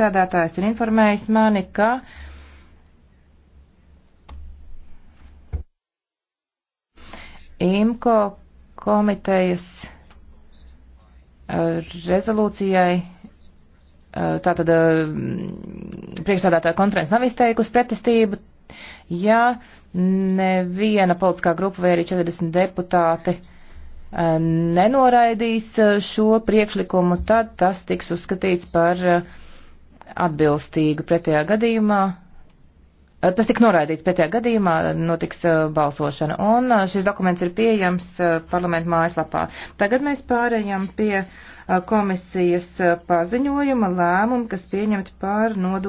Sēdētājs ir informējis mani, ka IMCO komitejas rezolūcijai tātad priekšsādātāja konferences nav izteikusi pretestību, ja neviena politiskā grupa vai arī 40 deputāti nenoraidīs šo priekšlikumu, tad tas tiks uzskatīts par uh, atbilstīgu pretējā gadījumā. Eh, tas tika noraidīts pretējā gadījumā, notiks eh, balsošana, un eh, šis dokuments ir pieejams parlamentu mājaslapā. Tagad mēs pārējām pie komisijas paziņojuma lēmumu, kas pieņemt par nodu.